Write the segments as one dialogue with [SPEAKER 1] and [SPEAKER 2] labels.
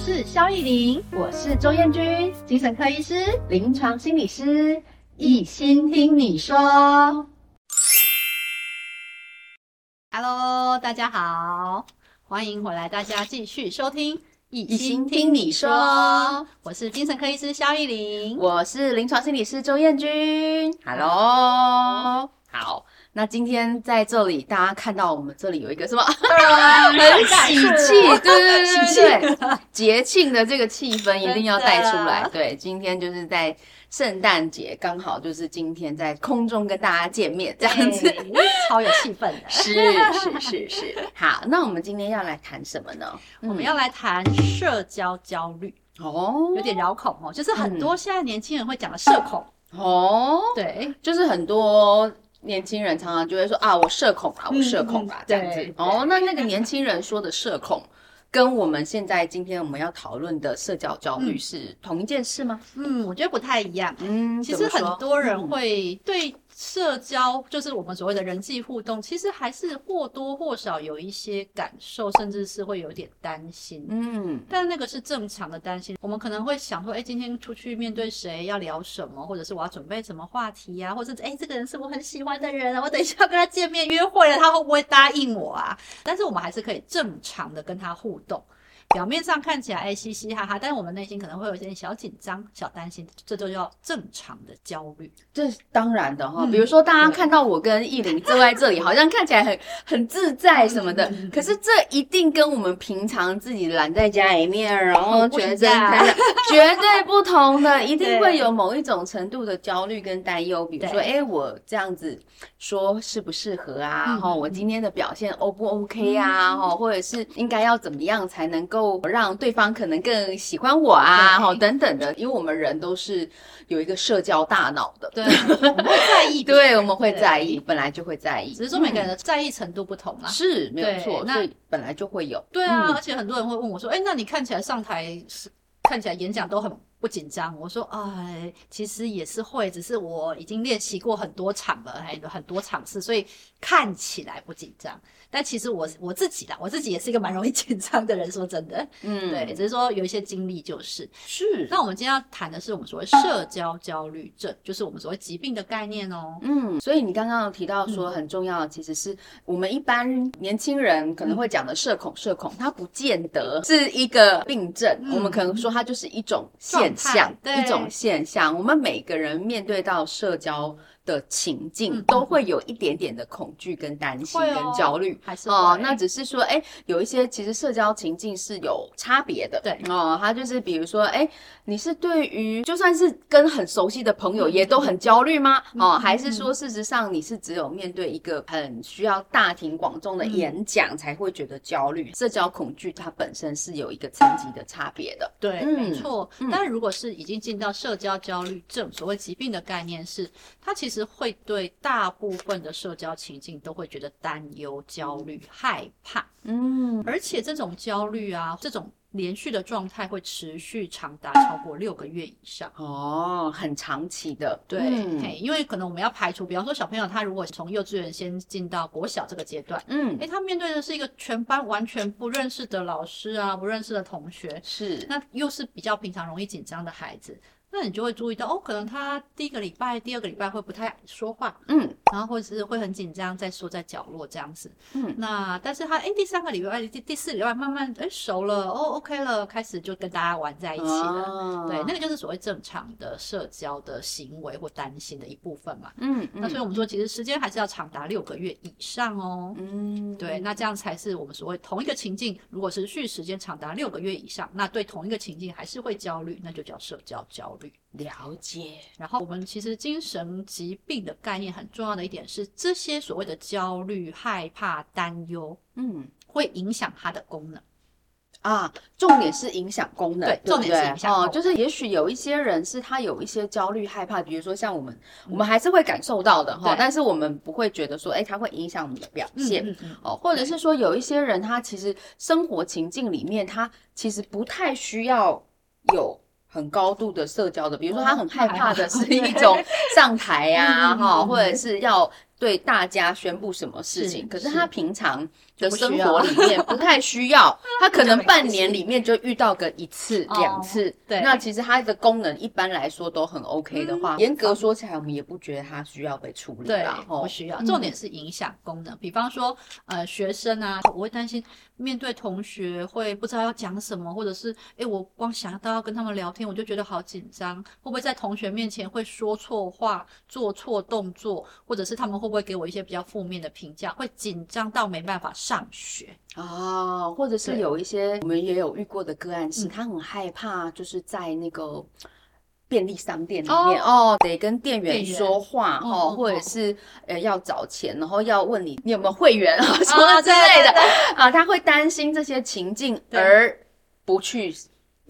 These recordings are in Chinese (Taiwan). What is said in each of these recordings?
[SPEAKER 1] 我是蕭亦伶，我是周彥君，精神科醫師、臨床心理師，醫心聽你說。Hello，大家好，歡迎回來，大家繼續收聽《醫心聽你說》。我是精神科醫師蕭亦伶，我是
[SPEAKER 2] 臨床心理師周彥君。Hello，好。那今天在這裡，大家看到我們這裡有一個什麼？啊、很喜氣的，對對對，對，節 慶的這個氣氛一定要帶出來、啊。對，今天就是在聖誕節，剛好就是今天在空中跟大家見面，這樣子、
[SPEAKER 1] 欸、超有氣氛的。是是是是。好，那我們今天要來談什麼呢？我們要來談社交焦慮哦、嗯，有點繞口哦。就是很多現在年輕人會講的社恐、
[SPEAKER 2] 嗯、哦，對，就是很多。年輕人常常就會說啊，我社恐啊，我社恐啊，這樣子。哦，那那個年輕人說的社恐，跟我們現在今天我們要討論的社交焦慮是、嗯、同一件事嗎？嗯，嗯，嗯、我覺得不太一樣。嗯，其實很多人
[SPEAKER 1] 會對。社交就是我們所謂的人際互動，其實還是或多或少有一些感受，甚至是會有點擔心。嗯，但那個是正常的擔心。我們可能會想說，誒，今天出去面對誰，要聊什麼，或者是我要準備什麼話題呀，或者是……誒，這個人是我很喜歡的人，我等一下要跟他見面約會了，他會不會答應我啊？但是我們還是可以正常的跟他互動。表面上看起來，哎，嘻嘻哈哈，但是我們內心可能會有一些小緊張、小擔心，這就叫正常的焦慮。
[SPEAKER 2] 這是當然的哈、哦嗯，比如說大家看到我跟亦伶坐在這裡，好像看起來很 很自在什麼的， 可是這一定跟我們平常自己懶在家裡面， 然後覺得、啊、 絕對不同的，一定會有某一種程度的焦慮跟擔憂。比如說哎、欸、我這樣子說適不適合啊？哈、嗯、我今天的表現 O 不 OK 呀、啊？哈、嗯、或者是應該要怎麼樣才能夠？就讓對方可能更喜歡我啊，哈、嗯、等等的，因為我們人都是有一個社交大腦的對， 對，我們會在意，對，我們會在意，本來就會在意，嗯、只是說每個人的
[SPEAKER 1] 在意程度不同嘛、啊，是沒有錯，
[SPEAKER 2] 那本來就會有，對啊、嗯，而
[SPEAKER 1] 且很多人會問我說，哎、欸，那你看起來上台是看起來演講都很。不緊張，我說哎，其實也是會，只是我已經練習過很多場了，還有很多場次，所以看起來不緊張。但其實我我自己啦，我自己也是一個蠻容易緊張的人，說真的，嗯，對，只是說有一些經歷就是是。那我們今天要談的是我們所謂社交焦慮症，就是我們所謂疾病的概念哦、喔。嗯，
[SPEAKER 2] 所以你剛剛提到說很重要的，其實是我們一般年輕人可能會講的社恐，社、嗯、恐，它不見得是一個病症，嗯、我們可能說它就是一種現、嗯。想一種現象，我們每個人面對到社交的情境，嗯、都會有一點點的恐懼，跟擔心，跟焦慮，哦呃，還是哦、呃？那只是說，哎、欸，有一些其實社交情境是有差別的，對哦。他、呃、就是比如說，哎、欸，你是對於就算是跟很熟悉的朋友也都很焦慮嗎？哦、嗯呃，還是說事實上你是只有面對一個很需要大庭廣眾的演講才會覺得焦慮嗯？社交恐懼它本身是有一個層級的差別的，對，嗯、沒錯、嗯。
[SPEAKER 1] 但如果是已經進到社交焦慮症，所謂疾病的概念是，它其實。會對大部分的社交情境都會覺得擔憂、焦慮、害怕。嗯，而且這種焦慮啊，這種連續的狀態會持續長達超過六個月以上。哦，很長期的。對，嗯，欸，因為可能我們要排除，比方說小朋友他如果從幼稚園先進到國小這個階段，嗯，欸，他面對的是一個全班完全不認識的老師啊，不認識的同學，是，那又是比較平常容易緊張的孩子。那你就會注意到哦，可能他第一個禮拜、第二個禮拜會不太說話，嗯，然後或者是會很緊張，在縮在角落這樣子，嗯，那但是他哎第三個禮拜、第第四禮拜慢慢哎熟了，哦，OK 了，開始就跟大家玩在一起了，啊、對，那個就是所謂正常的社交的行為或擔心的一部分嘛，嗯，嗯，那所以我們說其實時間還是要長達六個月以上哦，嗯，對，那這樣才是我們所謂同一個情境，如果持續時間長達六個月以上，那對同一個情境還是會焦慮，那就叫社交焦慮。了解。然後我們其實精神疾病的概念很重要的一點是，這些所謂的焦慮、害怕、擔憂，嗯，會影響它的功能。啊，
[SPEAKER 2] 重點是影響功能，對，對對重點是影響。哦，就是也許有一些人是他有一些焦慮、害怕，比如說像我們，嗯、我們還是會感受到的哈、嗯哦，但是我們不會覺得說，誒、哎，它會影響我們的表現、嗯嗯嗯、哦，或者是說有一些人他其實生活情境裡面他其實不太需要有。很高度的社交的，比如說他很害怕的是一種上台呀、啊，哈 對， 或者是要。對大家宣布什麼事情，可是他平常的生活裡面不太需要，需要 他可能半年裡面就遇到個一次 兩次。哦。對，那其實他的功能一般來說都很 OK 的話，嗯，嚴格說起來，我們也不覺得他需要被處理到。嗯，對，不需要。重點是
[SPEAKER 1] 影響功能，嗯，比方說呃學生啊，我會擔心面對同學會不知道要講什麼，或者是哎我光想到要跟他們聊天，我就覺得好緊張，會不會在同學面前會說錯話、做錯動作，或者是他們會。會給我一些比較負面的評價，會緊張到沒辦法上學。
[SPEAKER 2] 哦，或者是有一些我們也有遇過的個案，是他很害怕，就是在那個便利商店裡面哦，哦得跟店員說話員哦，或者是呃要找錢，然後要問你你有沒有會員啊，嗯，什麼之類的，哦，對的，對的啊，他會擔心這些情境而不去。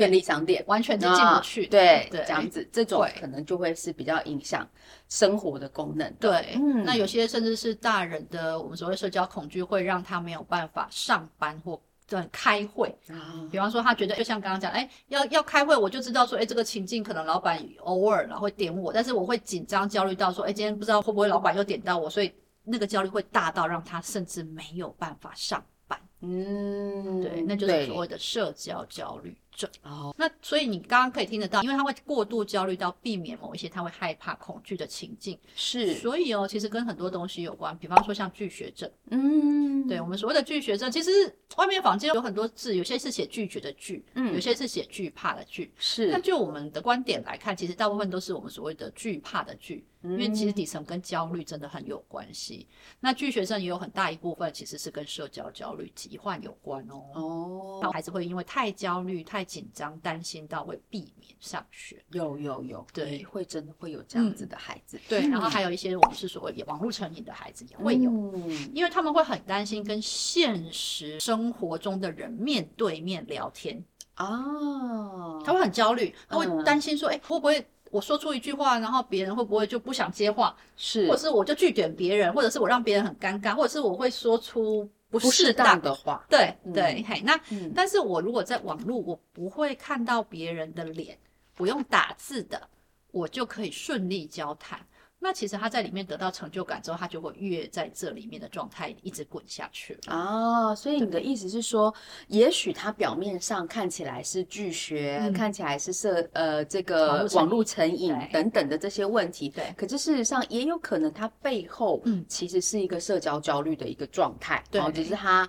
[SPEAKER 2] 便利商店完全就進不去的。oh, 對，對這樣子，這種可能就會是
[SPEAKER 1] 比較影響生活的功能的。對、嗯，那有些甚至是大人的我們所謂社交恐懼，會讓他沒有辦法上班或對開會、嗯。比方說，他覺得就像剛剛講，誒、欸，要要開會，我就知道說，誒、欸，這個情境可能老板偶爾了會點我，但是我會緊張焦慮到說，誒、欸，今天不知道會不會老板又點到我，所以那個焦慮會大到讓他甚至沒有辦法上班。嗯，對，那就是所謂的社交焦慮。哦、oh.，那所以你剛剛可以聽得到，因為他會過度焦慮到避免某一些他會害怕恐懼的情境，是，所以哦，其實跟很多東西有關，比方說像拒學症，嗯，
[SPEAKER 2] 對，我
[SPEAKER 1] 們所謂的拒學症，其實外面坊間有很多字，有些是寫拒絕的拒，嗯，有些是寫懼怕的懼，是。那就我們的觀點來看，其實大部分都是我們所謂的懼怕的懼，因為其實底層跟焦慮真的很有關係。嗯、那拒學症也有很大一部分其實是跟社交焦慮、疾患有關哦，哦，孩子會因為太焦慮太。緊張、擔心到會避免上學，有有有，對，會真的會有這樣子的孩子，嗯、對。然後還有一些，我們是所謂也網絡成癮的孩子也會有，嗯、因為他們會很擔心跟現實生活中的人面對面聊天啊、哦，他會很焦慮，他們會擔心說，誒、嗯欸，會不會我說出一句話，然後別人會不會就不想接話？是，或者是我就句點別人，或者是我讓別人很尷尬，或者是我會說出。不適當，當的話，對、嗯、對、嗯，嘿，那、嗯、但是我如果在網絡，我不會看到別人的臉，不用打字的，我就可以順利交談。那其實他在裡面得到成就感之後，他就會越在這裡面的狀態一直滾下去
[SPEAKER 2] 了。啊，所以你的意思是說，也許他表面上看起來是拒學、嗯、看起來是社呃這個網絡成癮等等的這些問題，對，對，可是事實上也有可能他背後其實是一個社交焦慮的一個狀態、嗯哦，對，只、就是他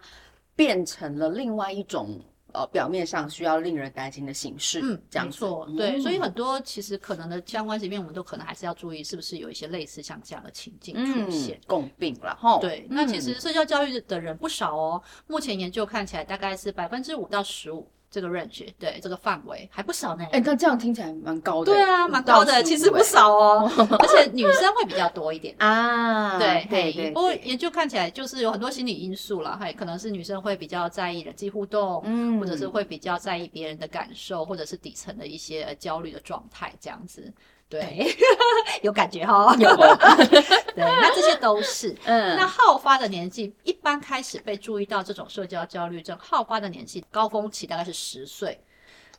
[SPEAKER 2] 變成了另外一種。呃、哦，表面上需要令人擔心的形式，嗯，講錯，對、嗯，所以很多
[SPEAKER 1] 其實可能的相關疾病，我們都可能還是要注意，是不是有一些類似像這樣的情境出現，嗯、共病了哈。對、嗯，那其實社交焦慮的人不少哦，嗯，目前研究看起來大概是百分之五到十五。這個 range 對這個範圍還不少呢。誒、欸、
[SPEAKER 2] 那這樣聽起來蠻高的。對啊，蠻高,高的，其實不少
[SPEAKER 1] 哦、喔。 而且女生會比較多一點 啊。對，嘿。不過研究看起來就是有很多心理因素啦。嘿，可能是女生會比較在意人際互動，嗯，或者是會比較在意別人的感受，或者是底層的一些焦慮的狀態這樣子。對， 有感覺哈、哦，有。 對，那這些都是。 嗯，那好發的年紀，一般開始被注意到這種社交焦慮症，好發的年紀高峰期大概是十歲。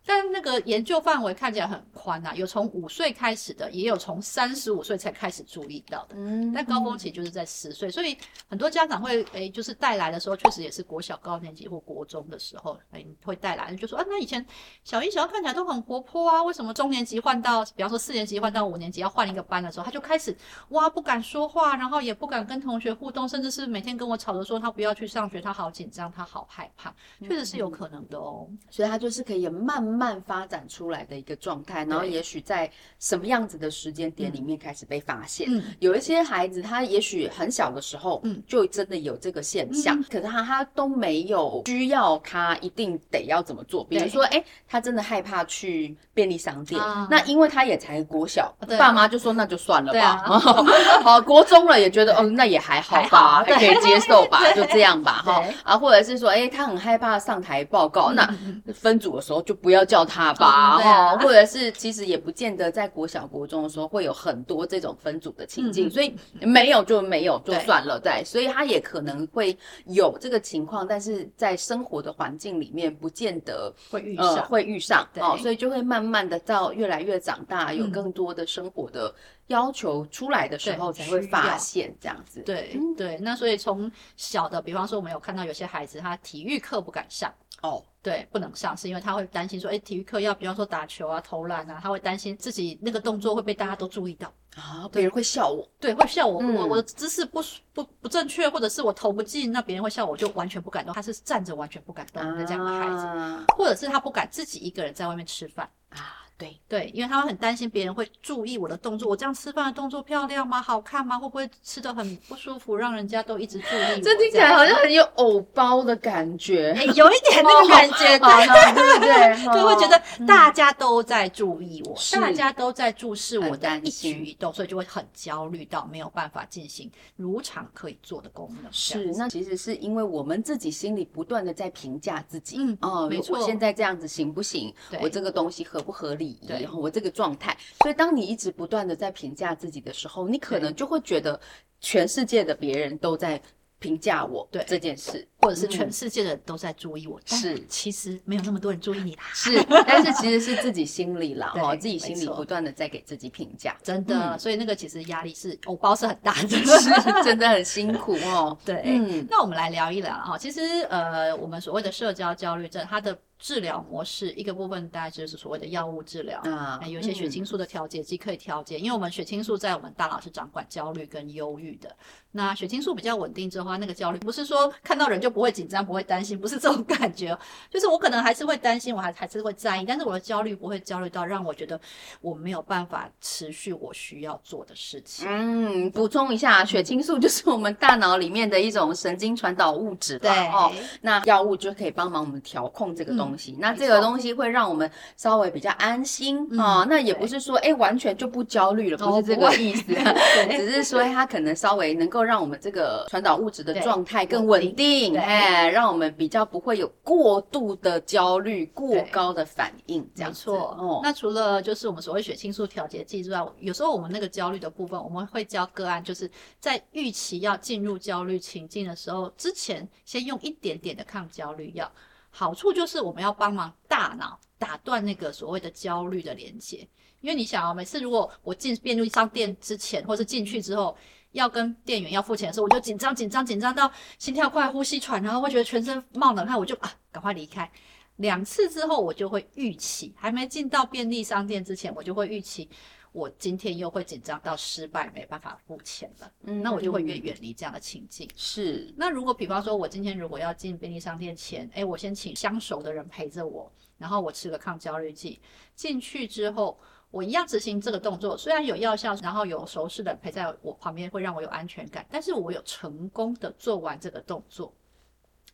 [SPEAKER 1] 但那個研究範圍看起來很寬啊，有從五歲開始的，也有從三十五歲才開始注意到的。嗯，但高峰期就是在十歲。嗯，所以很多家長會哎，就是帶來的時候，確實也是國小高年級或國中的時候，哎，會帶來就說啊，那以前小一、小二看起來都很活潑啊，為什麼中年級換到，比方說四年級換到五年級要換一個班的時候，他就開始哇不敢說話，然後也不敢跟同學互動，甚至是每天跟我吵着說他不要去上學，他好緊張，他好害怕，確實是有可能的哦。嗯，嗯。
[SPEAKER 2] 所以他就是可以慢慢。慢發展出來的一個狀態，然後也許在什麼樣子的時間點裡面開始被發現。有一些孩子他也許很小的時候，嗯，就真的有這個現象，嗯、可是他他都沒有需要他一定得要怎麼做。比如說，哎、欸，他真的害怕去便利商店，啊、那因為他也才國小，啊、爸媽就說那就算了吧。啊、 好，國中了也覺得，嗯、哦，那也還好吧，好可以接受吧，就這樣吧，哈啊、哦，或者是說，哎、欸，他很害怕上台報告，嗯、那分組的時候就不要。叫他吧，哦、嗯啊，或者是其實也不見得在國小國中的時候會有很多這種分組的情境，嗯、所以沒有就沒有就算了，對。所以他也可能會有這個情況，但是在生活的環境裡面不見得會遇上、呃，會遇上，對、哦，所以就會慢慢的到越來越長大，有更多的生活的要求出來的時候才會發現這樣子，對
[SPEAKER 1] 對、嗯。那所以從小的，比方說我們有看到有些孩子他體育課不敢上。哦、oh.，對，不能上，是因為他會擔心說，哎、欸，體育課要比方說打球啊、投籃啊，他會擔心自己那個動作會被大家都注意到啊，別人會笑我，對，會笑我，我、嗯、我的姿勢不不不正確，或者是我投不進，那別人會笑我，就完全不敢動，他是站着完全不敢動的、uh -huh. 這樣的孩子，或者是他不敢自己一個人在外面吃飯啊。Uh -huh. 對對，因為他們很擔心別人會注意我的動作，我這樣吃飯的動作漂亮嗎？好看嗎？會不會吃得很不舒服？ 讓人家都一直注意我這聽起來好像很有
[SPEAKER 2] 偶包的感覺，哎、有一點那個感覺， 對對對，就會覺得大家
[SPEAKER 1] 都在注意我，嗯、大家都在注視我的一舉一動，所以就會很焦慮到沒有辦法進行如常可以做的功能。是，那
[SPEAKER 2] 其實是因為我們自己心裡不斷的在評價自己，嗯，哦，沒錯，我現在這樣子行不行？對，我這個東西合不合理？對，然後我這個狀態，所以當你一直不斷的在評價自己的時候，你可能就會覺得全世界的別人都在評價我對，對這件事。或者是全世
[SPEAKER 1] 界的都在注意我，是、嗯、其實沒有那麼多人注意你啦。是， 是，但是其實是自
[SPEAKER 2] 己心裡啦，哦， 自己心裡不斷的在給自己評價，真的、嗯，所
[SPEAKER 1] 以那個其實壓力是，哦，包是很大的，是 真的很辛苦哦。 對，嗯，那我們來聊一聊哈，其實呃，我們所謂的社交焦慮症，它的治療模式一個部分大概就是所謂的藥物治療啊、嗯嗯嗯，有些血清素的調節劑可以調節，因為我們血清素在我們大腦是掌管焦慮跟憂鬱的，那血清素比較穩定之後，那個焦慮不是說看到人就。不會緊張，不會擔心，不是這種感覺，就是我可能還是會擔心，我還還是會在意，但是我的焦慮不會焦慮到讓我覺得我沒有辦法持續我需要做的事
[SPEAKER 2] 情。嗯，補充一下，血清素就是我們大腦裡面的一種神經傳導物質吧？對哦，那藥物就可以幫忙我們調控這個東西。嗯、那這個東西會讓我們稍微比較安心啊、嗯哦。那也不是說哎、欸、完全就不焦慮了，不是這個意、哦、思， 只是說它可能稍微能夠讓我們這個傳導物質的狀態更穩定。哎、欸，讓我們比較不會有過度的焦慮、過高的反應。這樣子沒
[SPEAKER 1] 錯，哦、嗯。那除了就是我們所謂血清素調節劑之外，有時候我們那個焦慮的部分，我們會教個案，就是在預期要進入焦慮情境的時候，之前先用一點點的抗焦慮藥。好處就是我們要幫忙大腦打斷那個所謂的焦慮的連結，因為你想啊，每次如果我進便利商店之前，或是進去之後。要跟店員要付錢的時候，我就緊張緊張緊張到心跳快、呼吸喘，然後會覺得全身冒冷汗，我就啊，趕快離開。兩次之後，我就會預期，還沒進到便利商店之前，我就會預期我今天又會緊張到失敗，沒辦法付錢了。嗯，那我就會越遠離這樣的情境。是。那如果比方說，我今天如果要進便利商店前，誒，我先請相熟的人陪着我，然後我吃個抗焦慮劑，進去之後。我一樣執行這個動作，雖然有藥效，然後有熟悉的陪在我旁邊，會讓我有安全感。但是我有成功的做完這個動作，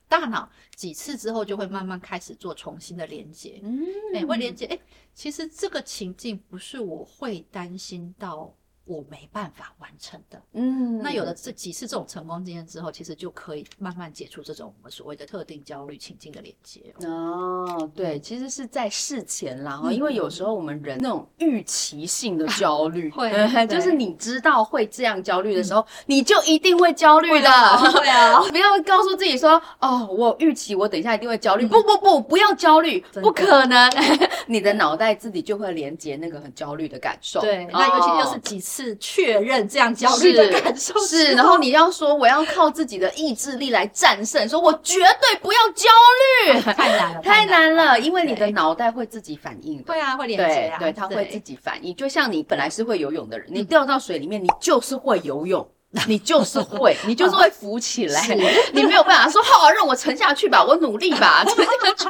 [SPEAKER 1] 大腦幾次之後就會慢慢開始做重新的連接，嗯，哎、欸，會連接。誒、欸，其實這個情境不是我會擔心到。我沒辦法完成的，嗯，那有了這幾次這種成功經驗之後，其實就可以慢慢解除這種我們所謂的特定焦慮情境的連接。哦。哦、對、嗯，其實是在事前啦、嗯，因為有時候我們人那種預期
[SPEAKER 2] 性的焦慮、嗯嗯，就是你知道會這樣焦慮的時候、嗯，你就一定會焦慮的。對啊，哦、 不要告訴自己說，哦，我預期我等一下一定會焦慮、嗯，不不不，不要焦慮，不可能， 你的腦袋自己就會連接那個很焦慮的感受。對，哦、那尤其就是幾次。是確認這樣焦慮的感受是，是，然後你要說我要靠自己的意志力來戰勝， 說我絕對不要焦慮， 太難了，太難了，因為你的腦袋會自己反應，對啊，會連接啊，對，它會自己反應，就像你本來是會游泳的人，你掉到水裡面，嗯、你就是會游泳。 你就是會， 你就是會浮起來， 你沒有辦法說 好、啊、讓我沉下去吧，我努力吧， 這樣子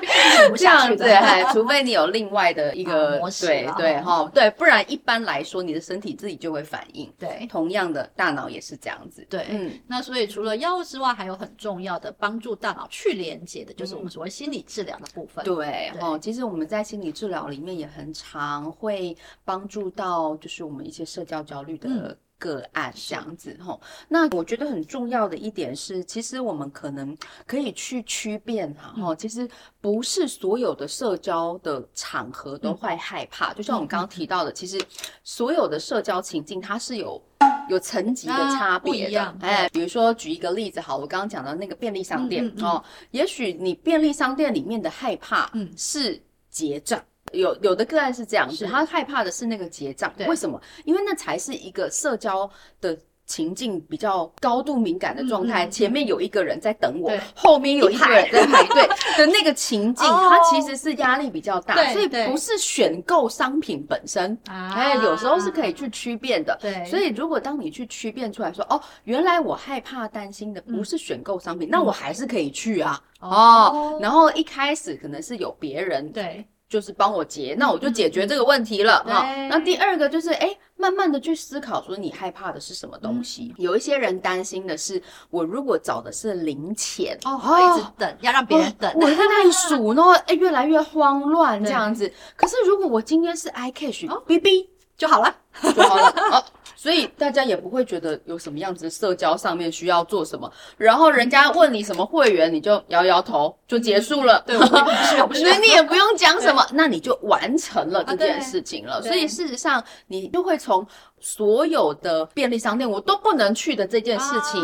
[SPEAKER 2] 除非你有另外的一個、啊、模式，對、哦、對哈、哦，對，不然一般來說你的身體自己就會反應。對，同樣的大腦也是這樣子。對，嗯，
[SPEAKER 1] 那所以除了藥物之外，還有很重要的幫助大腦去連接的，就是我們所謂心理治療的部分、嗯對。
[SPEAKER 2] 對，哦，其實我們在心理治療裡面也很常會幫助到，就是我們一些社交焦慮的、嗯。個案這樣子吼，那我覺得很重要的一點是，其實我們可能可以去區辨啊、嗯齁，其實不是所有的社交的場合都會害怕。嗯、就像我們剛剛提到的、嗯，其實所有的社交情境它是有有層級的差別的、啊。哎，比如說舉一個例子，好，我剛剛講的那個便利商店哦、嗯嗯，也許你便利商店裡面的害怕是結賬。嗯嗯有有的個案是這樣子，他害怕的是那個結賬，為什麼？因為那才是一個社交的情境比較高度敏感的狀態，嗯嗯嗯嗯。前面有一個人在等我，後面有一個人在排隊的那個情境， oh, 它其實是壓力比較大對，所以不是選購商品本身。哎，有，有時候是可以去區辨的。對、ah,，所以如果當你去區辨出來說，哦，原來我害怕擔心的不是選購商品，嗯，那我還是可以去啊。Oh. 哦，然後一開始可能是有別人對。就是幫我結，那我就解決這個問題了哈、嗯哦。那第二個就是，哎、欸，慢慢的去思考，說你害怕的是什麼東西？嗯、有一些人擔心的是，我如果找的是零錢，哦，一直等，要讓別人等，哦，我在那裡數然後哎，越來越慌亂這樣子。可是如果我今天是 i cash，BB、哦。就好了， 就好了。好所以大家也不會覺得有什麼樣子的社交上面需要做什麼，然後人家問你什麼會員，你就搖搖頭就結束了，嗯、對，不是不是 你也不用講什麼，那你就完成了這件事情了。啊、所以事實上，你就會從所有的便利商店我都不能去的這件事情，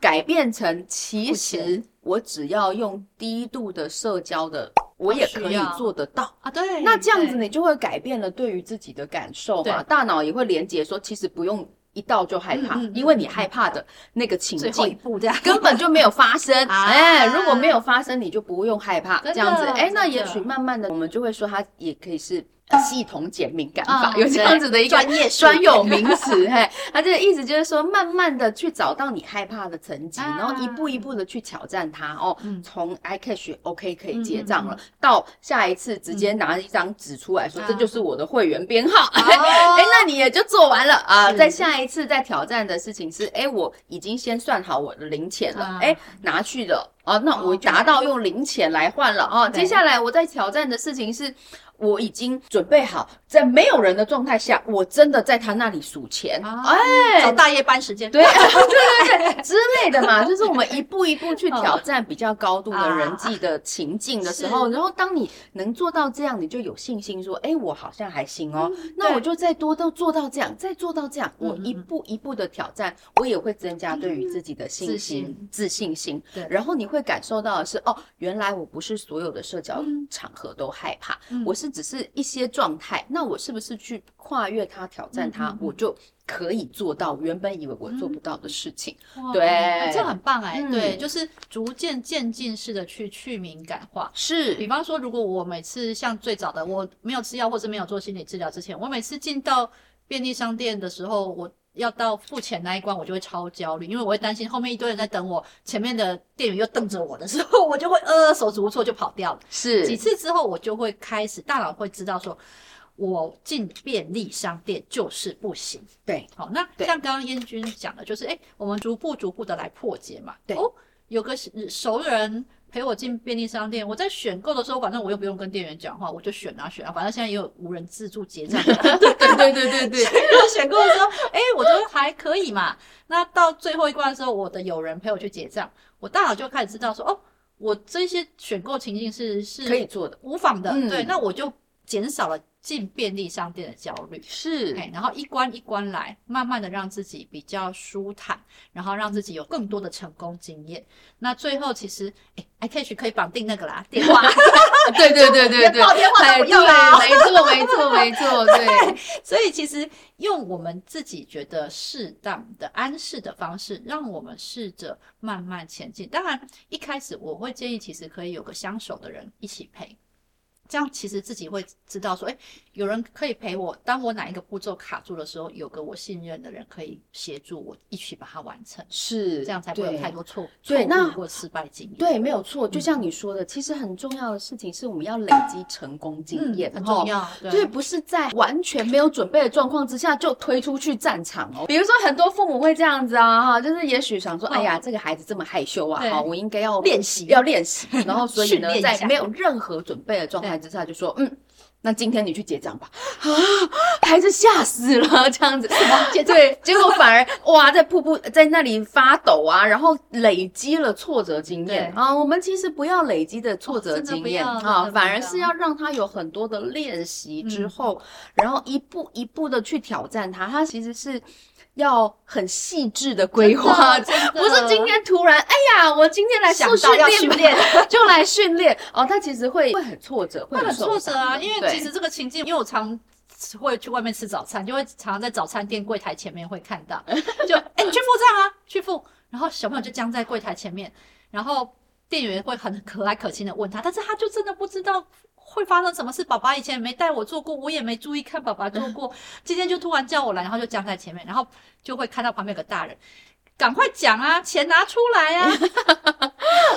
[SPEAKER 2] 改變成其實我只要用低度的社交的。我也可以做得到啊，對對！對，那這樣子你就會改變了對於自己的感受嘛，大腦也會連結說，其實不用一到就害怕，嗯嗯嗯嗯，因為你害怕的那個情境根本就沒有發生。哎，嗯啊，如果沒有發生，你就不用害怕。這樣子，哎，那也許慢慢的，我們就會說，它也可以是。系統減敏感法，哦、有這樣子的一個專業專有名詞，嘿、嗯哎，它這個意思就是說，慢慢的去找到你害怕的層級，嗯，然後一步一步的去挑戰它，哦，從 I cash OK 可以結賬了、嗯，到下一次直接拿一張紙出來說，嗯，這就是我的會員編號，嗯哎，哦、哎，那你也就做完了啊。在下一次再挑戰的事情是，是，哎，我已經先算好我的零錢了，嗯，哎，拿去了，哦、啊，那我達、哦、到用零錢來換了，哦、啊，接下來我在挑戰的事情是。我已經準備好。在沒有人的狀態下，我真的在他那裡數錢，
[SPEAKER 1] 哎、啊，找、欸、大夜班時間，對對對對
[SPEAKER 2] 之類的嘛， 就是我們一步一步去挑戰比較高度的人際的情境的時候、啊，然後當你能做到這樣，你就有信心說，哎、欸，我好像還行哦、喔嗯。那我就再多到做到這樣，再做到這樣，我一步一步的挑戰，我也會增加對於自己的信心、自信心。對，然後你會感受到的是，哦，原來我不是所有的社交場合都害怕，嗯、我是只是一些狀態。那那我是不是去跨越它，挑戰它、嗯，我就可以做到原本以為我做不到的事情？嗯、對，啊、這很棒哎、欸嗯！對，就是
[SPEAKER 1] 逐漸漸進式的去去敏感化。是，比方說，如果我每次像最早的，我沒有吃藥或者沒有做心理治療之前，我每次進到便利商店的時候，我要到付錢那一關，我就會超焦慮，因為我會擔心後面一堆人在等我，前面的店員又瞪着我的時候，我就會呃，手足無措就跑掉了。是幾次之後，我就會開始大腦會知道說。我進便利商店就是不行。對，好，那像剛剛彥君講的，就是哎、欸，我們逐步逐步的來破解嘛。對，哦，有個熟人陪我進便利商店，我在選購的時候，反正我又不用跟店員講話，我就選啊選啊。反正現在也有無人自助結賬。 對對對對對，對 我購的時、欸，我選購的時候，哎，我覺得還可以嘛。 那到最後一關的時候，我的友人陪我去結賬，我大腦就開始知道說，哦，我這些選購情境是是可以做的，無妨的、嗯。對，那我就減少了。進便利商店的焦慮是、哎，然後一關一關來，慢慢的讓自己比較舒坦，然後讓自己有更多的成功經驗。那最後其實，哎，iCatch 可以綁定那個啦，電話。對對對對對，打 電話不用、啊哎、對，沒錯沒錯沒錯。 對，所以其實用我們自己覺得適當的安適的方式，讓我們試着慢慢前進。當然，一開始我會建議，其實可以有個相守的人一起陪。這樣其實自己會知道說，哎、欸,有人可以陪我。當我哪一個步驟卡住的時候，有個我信任的人可以協助我一起把它完成。是,這樣才不會有太多錯。對,那如果失敗經驗。對，沒有
[SPEAKER 2] 錯、嗯。就像你說的，其實很重要的事情是，我們要累積成功經驗、嗯，很重要。所以不是在完全沒有準備的狀況之下就推出去戰場哦。比如說，很多父母會這樣子啊，哈，就是也許想說、哦，哎呀，這個孩子這麼害羞啊，好，我應該要練習，要練習。然後所以呢， 在沒有任何準備的狀態。之下就說：“嗯，那今天你去結賬吧。”啊，孩子嚇死了，這樣子， 對 結果反而哇，在瀑布在那裡發抖啊，然後累積了挫折經驗啊。我們其實不要累積的挫折經驗、哦、啊，反而是要讓他有很多的練習之後、嗯，然後一步一步的去挑戰他。他其實是。要很細緻的規劃，不是今天突然哎呀，我今天來想到要訓練， 就來訓練哦。他其實會會很挫折，會很，會很挫折啊。因為其實這
[SPEAKER 1] 個情境，因為我常會去外面吃早餐，就會常常在早餐店櫃檯前面會看到，就哎、 欸，你去付賬啊，去付。然後小朋友就僵在櫃檯前面，然後店員會很和藹可親的問他，但是他就真的不知道。會發生什麼事？爸爸以前沒帶我做過，我也沒注意看爸爸做過。 今天就突然叫我來，然後就僵在前面，然後就會看到旁邊有個大人，趕快講啊，錢拿出來啊！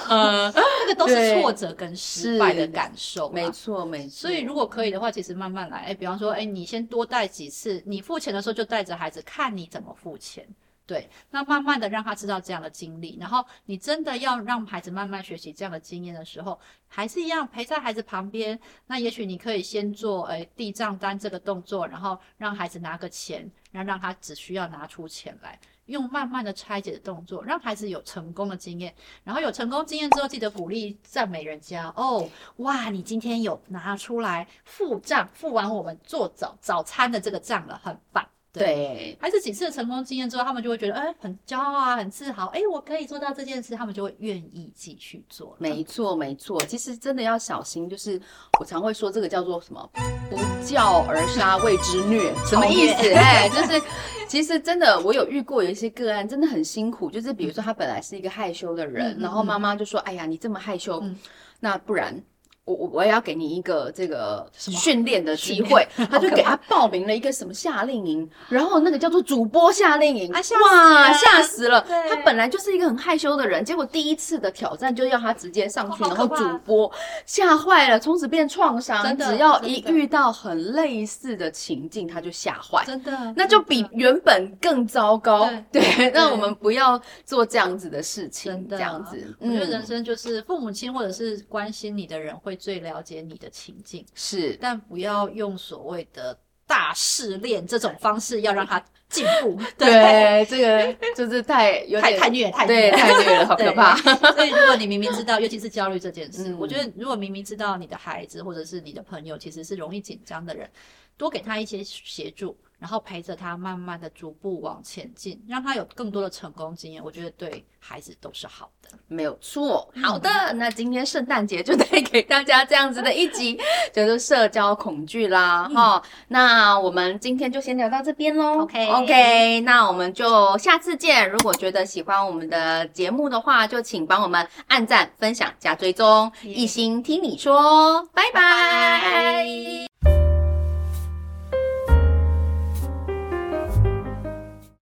[SPEAKER 1] 呃 那個都是挫折跟失敗
[SPEAKER 2] 的感受。沒錯，沒錯。所以如果
[SPEAKER 1] 可以的話，其實慢慢來。誒比方說，誒你先多帶幾次，你付錢的時候就帶着孩子看你怎麼付錢。對，那慢慢的讓他知道這樣的經歷，然後你真的要讓孩子慢慢學習這樣的經驗的時候，還是一樣陪在孩子旁邊。那也許你可以先做，誒，遞賬單這個動作，然後讓孩子拿個錢，然後讓他只需要拿出錢來，用慢慢的拆解的動作，讓孩子有成功的經驗。然後有成功經驗之後，記得鼓勵、讚美人家。哦，哇，你今天有拿出來付賬，付完我們做早早餐的這個賬了，很棒。對，對，還是幾次的成功經驗之後，他們就會覺得，哎、欸，很驕傲啊，很自豪，哎、欸，我可以做到這件事，他們就會願意繼續做、嗯。
[SPEAKER 2] 沒錯，沒錯。其實真的要小心，就是我常會說，這個叫做什麼？不教而殺謂之虐， 什麼意思？哎、 欸，就是其實真的，我有遇過有一些個案，真的很辛苦。就是比如說，他本來是一個害羞的人，嗯、然後媽媽就說、嗯，哎呀，你這麼害羞，嗯、那不然。我我我也要給你一個這個訓練的機會，他就給他報名了一個什麼夏令營， 然後那個叫做主播夏令營、啊，哇嚇死了！他本來就是一個很害羞的人，結果第一次的挑戰就要他直接上去，然後主播嚇壞了，從此變創傷。真的，只要一遇到很類似的情境，他就嚇壞，真的，那就比原本更糟糕，對對對對。對，那我們
[SPEAKER 1] 不要做這樣子的事情，這樣子，因、嗯、為人生就是父母親或者是關心你的人會。最了解你的情境是，但不要用所謂的大試煉這種方式，要讓他進步。對，對對，這
[SPEAKER 2] 個就是太有點 太、太虐，太虐 對，太虐了，好可怕。
[SPEAKER 1] 所以如果你明明知道， 尤其是焦慮這件事、嗯，我覺得如果明明知道你的孩子或者是你的朋友其實是容易緊張的人，多給他一些協助。然後陪着他慢慢的逐步往前進，讓他有更多的成功經驗，我覺得對孩子都是好的。沒有錯，
[SPEAKER 2] 好的，嗯、那今天聖誕節就帶給大家這樣子的一集， 就是社交恐懼啦，哈、嗯哦。那我們今天就先聊到這邊嘍。OK OK，那我們就下次見。如果覺得喜歡我們的節目的話，就請幫我們按讚、分享加追蹤，yeah. 醫心聽你說，yeah. 拜拜。拜拜